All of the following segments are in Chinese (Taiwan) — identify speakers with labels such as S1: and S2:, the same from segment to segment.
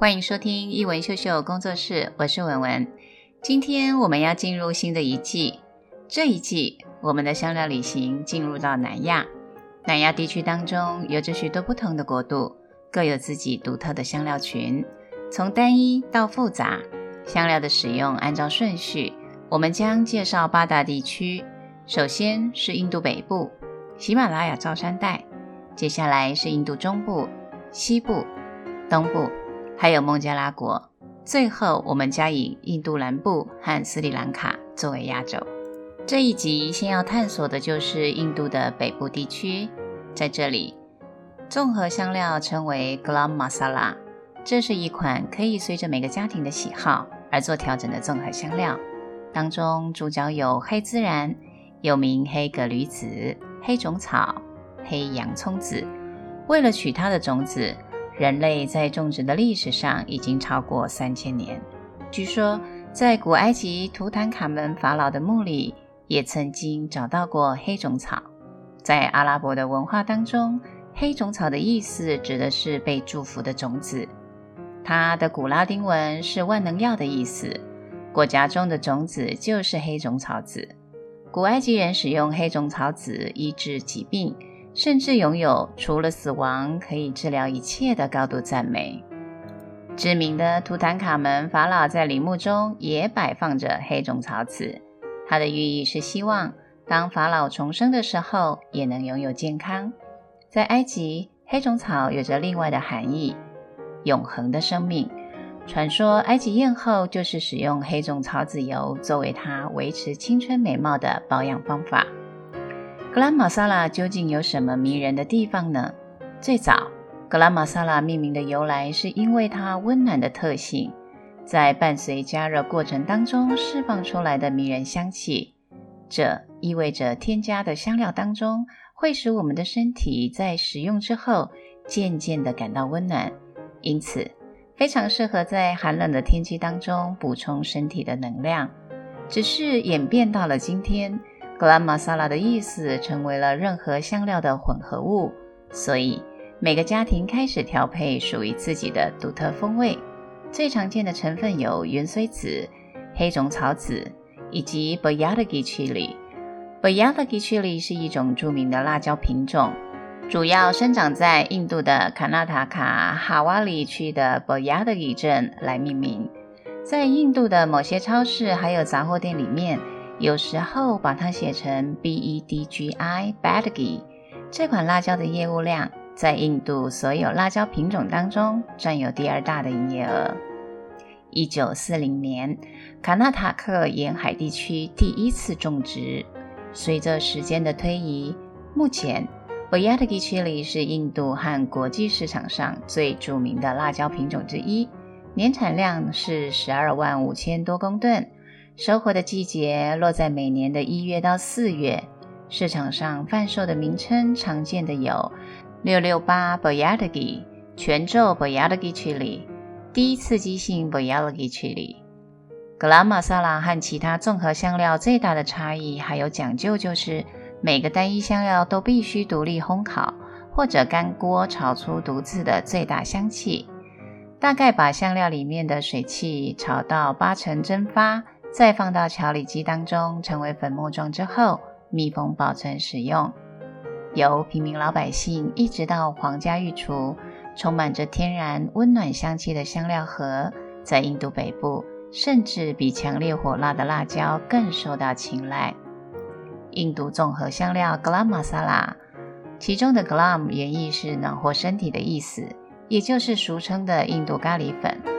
S1: 歡迎收聽一文秀秀工作室，我是文文。今天我們要進入新的一季。這一季，我們的香料旅行進入到南亞。南亞地區當中有着許多不同的國度，各有自己獨特的香料群，從單一到複雜。香料的使用按照順序，我們將介紹八大地區。首先是印度北部，喜馬拉雅造山帶。接下來是印度中部、西部、東部。還有孟加拉國，最後我們將以印度南部和斯里蘭卡作為壓軸。這一集先要探索的就是印度的北部地區，在這裡，綜合香料稱為 Garam Masala，這是一款可以隨着每個家庭的喜好而做調整的綜合香料，當中主角有黑孜然，又名黑葛縷籽、黑種草、黑洋蔥籽，為了取它的種子。人類在種植的歷史上已經超過三千年。據說，在古埃及圖坦卡門法老的墓裡也曾經找到過黑種草。在阿拉伯的文化當中，黑種草的意思指的是被祝福的種子。它的古拉丁文是萬能藥的意思，果莢中的種子就是黑種草籽。古埃及人使用黑種草籽醫治疾病。甚至擁有除了死亡可以治療一切的高度讚美。知名的圖坦卡門法老在陵墓中也擺放着黑種草籽，它的寓意，是希望當法老重生的時候也能擁有健康。在埃及，黑種草有着另外的含義——永恆的生命。傳說埃及豔後就是使用黑種草籽油作為她維持青春美貌的保養方法。葛拉姆馬薩拉究竟有什麼迷人的地方呢？最早，葛拉姆馬薩拉命名的由來是因為它溫暖的特性，在伴隨加熱過程當中釋放出來的迷人香氣，這意味着添加的香料當中會使我們的身體在食用之後漸漸地感到溫暖，因此非常適合在寒冷的天氣當中補充身體的能量。只是演變到了今天。格蘭瑪莎拉的意思成為了任何香料的混合物，所以每個家庭開始調配屬於自己的獨特風味。最常見的成分有芫荽籽、黑種草籽以及博雅德吉曲里。博雅德吉曲里是一種著名的辣椒品種，主要生長在印度的卡納塔卡哈瓦里區的博雅德吉鎮來命名。在印度的某些超市還有雜貨店裡面。有時候把它寫成 B E D G I Badgi。B A D G E、這款辣椒的業務量在印度所有辣椒品種當中佔有第二大的營業額。一九四零年，卡納塔克沿海地區第一次種植。隨着時間的推移，目前 Badgi、E、Chili 是印度和國際市場上最著名的辣椒品種之一，年產量是十二萬五千多公噸。收穫的季節落在每年的一月到四月。市場上販售的名稱常見的有六六八 Byadgi 全皺 Byadgi chili、低刺激性 Byadgi chili。格拉瑪薩拉和其他綜合香料最大的差異還有講究，就是每個單一香料都必須獨立烘烤，或者乾鍋炒出獨自的最大香氣。大概把香料裡面的水汽炒到八成蒸發。再放到調理機當中，成為粉末狀之後，密封保存使用。由平民老百姓一直到皇家御廚，充滿着天然溫暖香氣的香料盒，在印度北部甚至比強烈火辣的辣椒更受到青睞。印度綜合香料葛拉姆馬薩拉，其中的“葛拉姆”原意是暖和身體的意思，也就是俗稱的印度咖喱粉。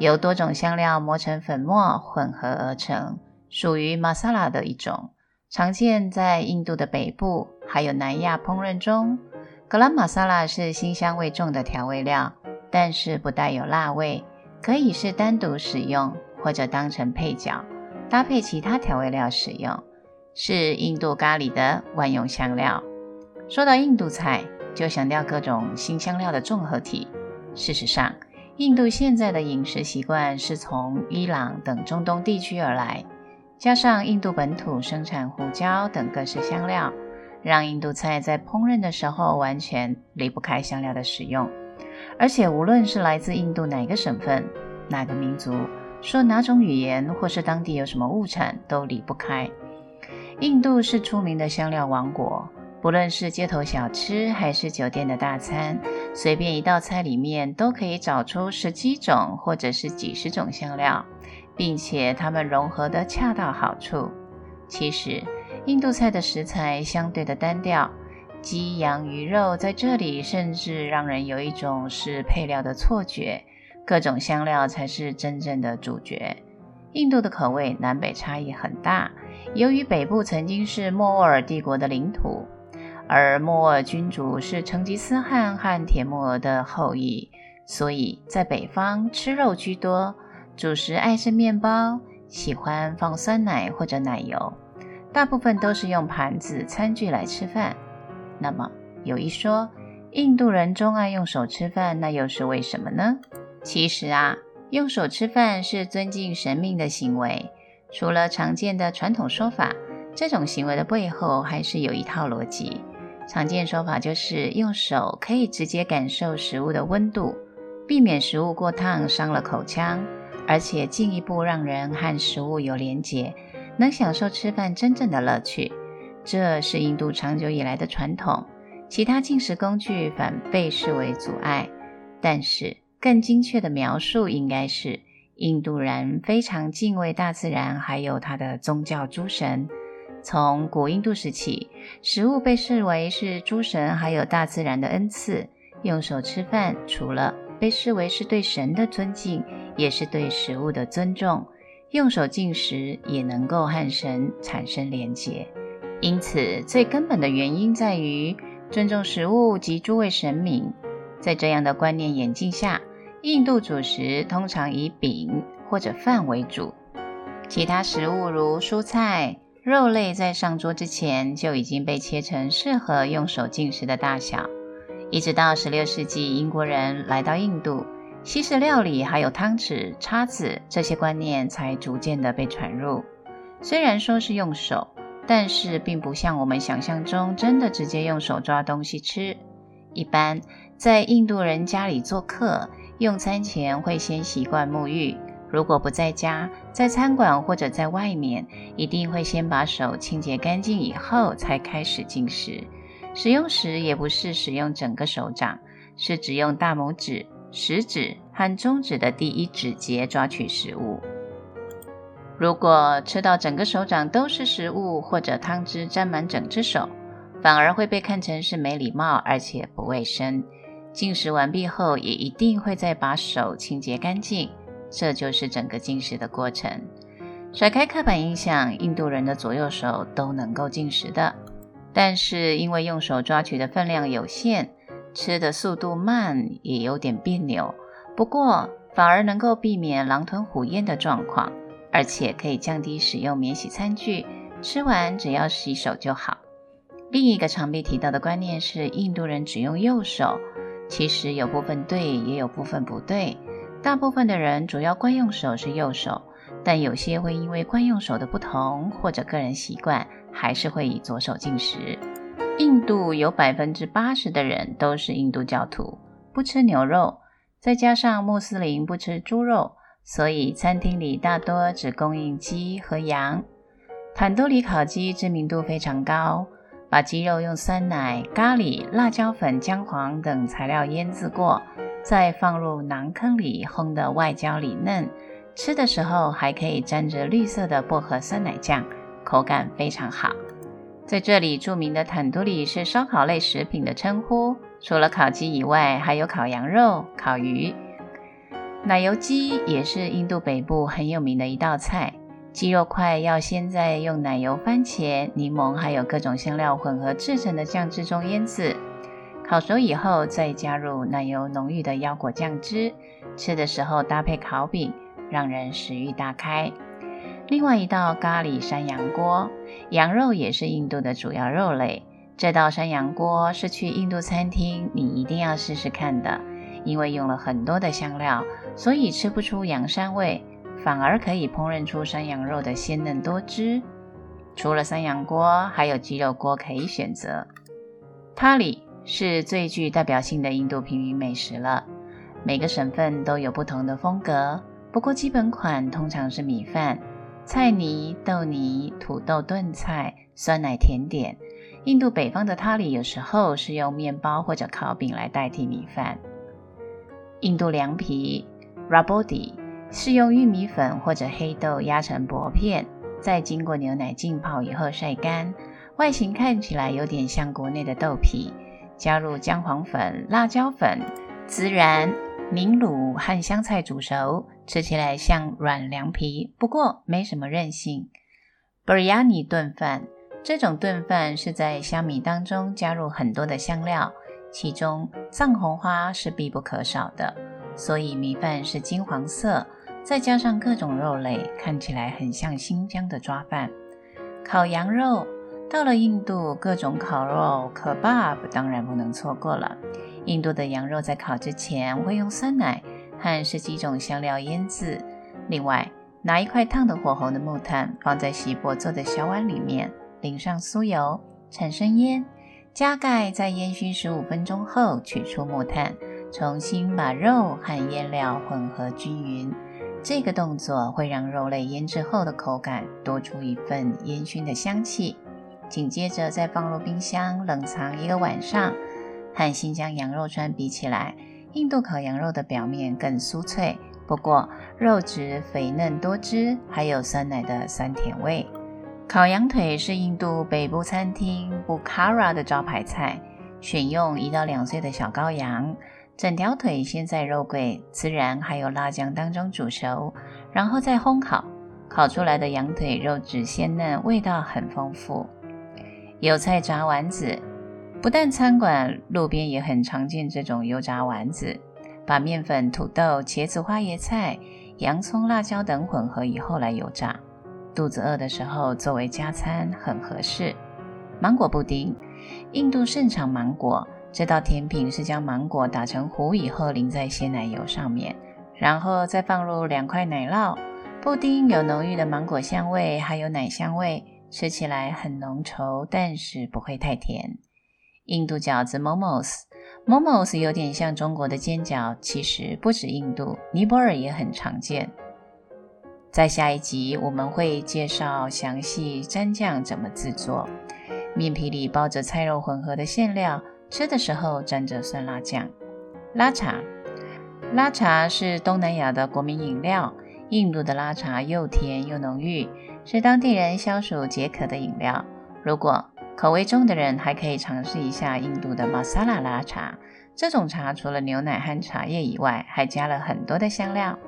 S1: 由多種香料磨成粉末混合而成，屬於馬薩拉的一種，常見在印度的北部還有南亞烹飪中。葛拉姆馬薩拉是辛香味重的調味料，但是不帶有辣味，可以是單獨使用或者當成配角，搭配其他調味料使用，是印度咖喱的萬用香料。說到印度菜，就想到各種辛香料的綜合體。事實上，印度現在的飲食習慣是從伊朗等中東地區而來，加上印度本土生產胡椒等各式香料，讓印度菜在烹飪的時候完全離不開香料的使用。而且，無論是來自印度哪個省份、哪個民族、說哪種語言，或是當地有什麼物產，都離不開。印度是出名的香料王國。不論是街頭小吃還是酒店的大餐，隨便一道菜裡面都可以找出十幾種或者是幾十種香料，並且它們融合得恰到好處。其實，印度菜的食材相對的單調，雞、羊、魚肉在這裡甚至讓人有一種是配料的錯覺，各種香料才是真正的主角。印度的口味南北差異很大，由於北部曾經是莫臥兒帝國的領土。而莫臥兒君主是成吉思汗和帖木兒的後裔，所以在北方吃肉居多，主食愛吃面包，喜歡放酸奶或者奶油，大部分都是用盤子、餐具來吃飯。那麼有一說，印度人鍾愛用手吃飯，那又是為什麼呢？其實啊，用手吃飯是尊敬神明的行為。除了常見的傳統說法，這種行為的背後還是有一套邏輯。常見說法就是用手可以直接感受食物的溫度，避免食物過燙傷了口腔，而且進一步讓人和食物有連結，能享受吃飯真正的樂趣。這是印度長久以來的傳統，其他進食工具反被視為阻礙。但是更精確的描述應該是，印度人非常敬畏大自然，還有他的宗教諸神。從古印度時起，食物被視為是諸神還有大自然的恩賜。用手吃飯，除了被視為是對神的尊敬，也是對食物的尊重。用手進食也能夠和神產生連結。因此，最根本的原因在於尊重食物及諸位神明。在這樣的觀念演進下，印度主食通常以餅或者飯為主，其他食物如蔬菜。肉類在上桌之前就已經被切成適合用手進食的大小，一直到16世紀英國人來到印度，西式料理還有湯匙、叉子這些觀念才逐漸的被傳入。雖然說是用手，但是並不像我們想象中真的直接用手抓東西吃。一般在印度人家裡做客，用餐前會先習慣沐浴。如果不在家，在餐館或者在外面，一定會先把手清潔乾淨以後才開始進食。使用時也不是使用整個手掌，是只用大拇指、食指和中指的第一指節抓取食物。如果吃到整個手掌都是食物，或者湯汁沾滿整隻手，反而會被看成是沒禮貌而且不衛生。進食完畢後，也一定會再把手清潔乾淨。這就是整個進食的過程。甩開刻板印象，印度人的左右手都能夠進食的，但是因為用手抓取的分量有限，吃的速度慢，也有點彆扭。不過反而能夠避免狼吞虎嚥的狀況，而且可以降低使用免洗餐具，吃完只要洗手就好。另一個常被提到的觀念是印度人只用右手，其實有部分對，也有部分不對。大部分的人主要慣用手是右手，但有些會因為慣用手的不同或者個人習慣，還是會以左手進食。印度有百分之八十的人都是印度教徒，不吃牛肉，再加上穆斯林不吃豬肉，所以餐廳裡大多只供應雞和羊。坦多里烤雞知名度非常高，把雞肉用酸奶、咖喱、辣椒粉、薑黃等材料醃製過。再放入饢坑裡烘的外焦裡嫩，吃的時候還可以沾着綠色的薄荷酸奶醬，口感非常好。在這裡，著名的坦杜里是燒烤類食品的稱呼，除了烤雞以外，還有烤羊肉、烤魚。奶油雞也是印度北部很有名的一道菜，雞肉塊要先在用奶油、番茄、檸檬還有各種香料混合制成的醬汁中醃制。烤熟以後，再加入奶油濃郁的腰果醬汁，吃的時候搭配烤餅，讓人食欲大開。另外一道咖喱山羊鍋，羊肉也是印度的主要肉類。這道山羊鍋是去印度餐廳你一定要試試看的，因為用了很多的香料，所以吃不出羊膻味，反而可以烹飪出山羊肉的鮮嫩多汁。除了山羊鍋，還有雞肉鍋可以選擇。咖喱。是最具代表性的印度平民美食了，每個省份都有不同的風格。不過基本款通常是米飯、菜泥、豆泥、土豆燉菜、酸奶甜點。印度北方的塔里有時候是用麵包或者烤餅來代替米飯。印度涼皮 （Rabodi） 是用玉米粉或者黑豆壓成薄片，再經過牛奶浸泡以後曬乾，外形看起來有點像國內的豆皮。加入薑黃粉、辣椒粉、孜然、檸檬和香菜煮熟，吃起來像軟涼皮，不過沒什麼韌性。Biryani 燉飯，這種燉飯是在香米當中加入很多的香料，其中藏紅花是必不可少的，所以米飯是金黃色，再加上各種肉類，看起來很像新疆的抓飯。烤羊肉。到了印度，各種烤肉 kabab，當然不能錯過了。印度的羊肉在烤之前會用酸奶和十幾種香料醃制，另外拿一塊燙的火紅的木炭放在錫箔做的小碗裡面，淋上酥油，產生煙，加蓋再煙熏十五分鐘後取出木炭，重新把肉和醃料混合均勻。這個動作會讓肉類醃制後的口感多出一份煙熏的香氣。緊接着再放入冰箱冷藏一個晚上。和新疆羊肉串比起來，印度烤羊肉的表面更酥脆，不過肉質肥嫩多汁，還有酸奶的酸甜味。烤羊腿是印度北部餐廳布卡拉的招牌菜，選用一到兩歲的小羔羊，整條腿先在肉桂、孜然還有辣醬當中煮熟，然後再烘烤。烤出來的羊腿肉質鮮嫩，味道很豐富。油菜炸丸子，不但餐館，路邊也很常見。這種油炸丸子，把麵粉、土豆、茄子、花椰菜、洋蔥、辣椒等混合以後來油炸。肚子餓的時候作為加餐很合適。芒果布丁，印度盛產芒果，這道甜品是將芒果打成糊以後淋在鮮奶油上面，然後再放入兩塊奶酪。布丁有濃郁的芒果香味，還有奶香味。吃起來很濃稠，但是不會太甜。印度餃子 （momos），momos 有點像中國的煎餃，其實不止印度，尼泊爾也很常見。在下一集我們會介紹詳細蘸醬怎麼製作。麵皮裡包着菜肉混合的餡料，吃的時候蘸着酸辣醬。拉茶，拉茶是東南亞的國民飲料，印度的拉茶又甜又濃郁。是當地人消暑解渴的飲料。如果口味重的人，還可以嘗試一下印度的馬薩拉拉茶。這種茶除了牛奶和茶葉以外，還加了很多的香料，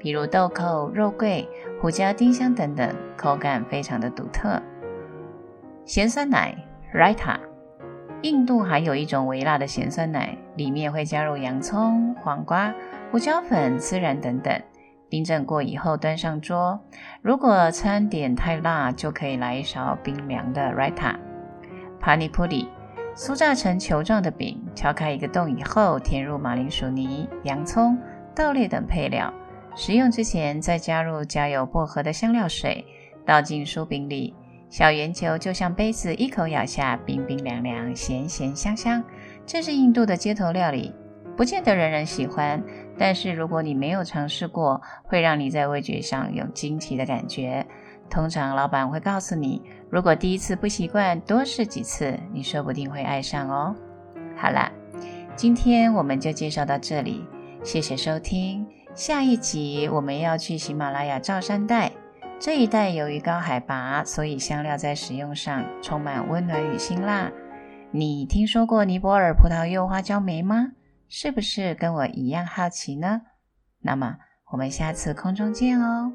S1: 比如豆蔻、肉桂、胡椒、丁香等等，口感非常的獨特。鹹酸奶 Raita。印度還有一種微辣的鹹酸奶，裡面會加入洋蔥、黃瓜、胡椒粉、孜然等等。冰鎮過以後端上桌。如果餐點太辣，就可以來一勺冰涼的 Raita。Panipuri 酥炸成球狀的餅，敲開一個洞以後，填入馬鈴薯泥、洋蔥、豆類等配料。食用之前再加入加有薄荷的香料水，倒進酥餅裡，小圓球就像杯子，一口咬下，冰冰涼涼，鹹鹹香香。這是印度的街頭料理，不見得人人喜歡。但是如果你沒有嘗試過，會讓你在味覺上有驚奇的感覺。通常老闆會告訴你，如果第一次不習慣，多試幾次，你說不定會愛上哦。好啦，今天我們就介紹到這裡，謝謝收聽。下一集我們要去喜馬拉雅造山帶，這一帶由於高海拔，所以香料在使用上充滿溫暖與辛辣。你聽說過尼泊爾葡萄柚花椒梅嗎？是不是跟我一樣好奇呢？那麼我們下次空中見哦。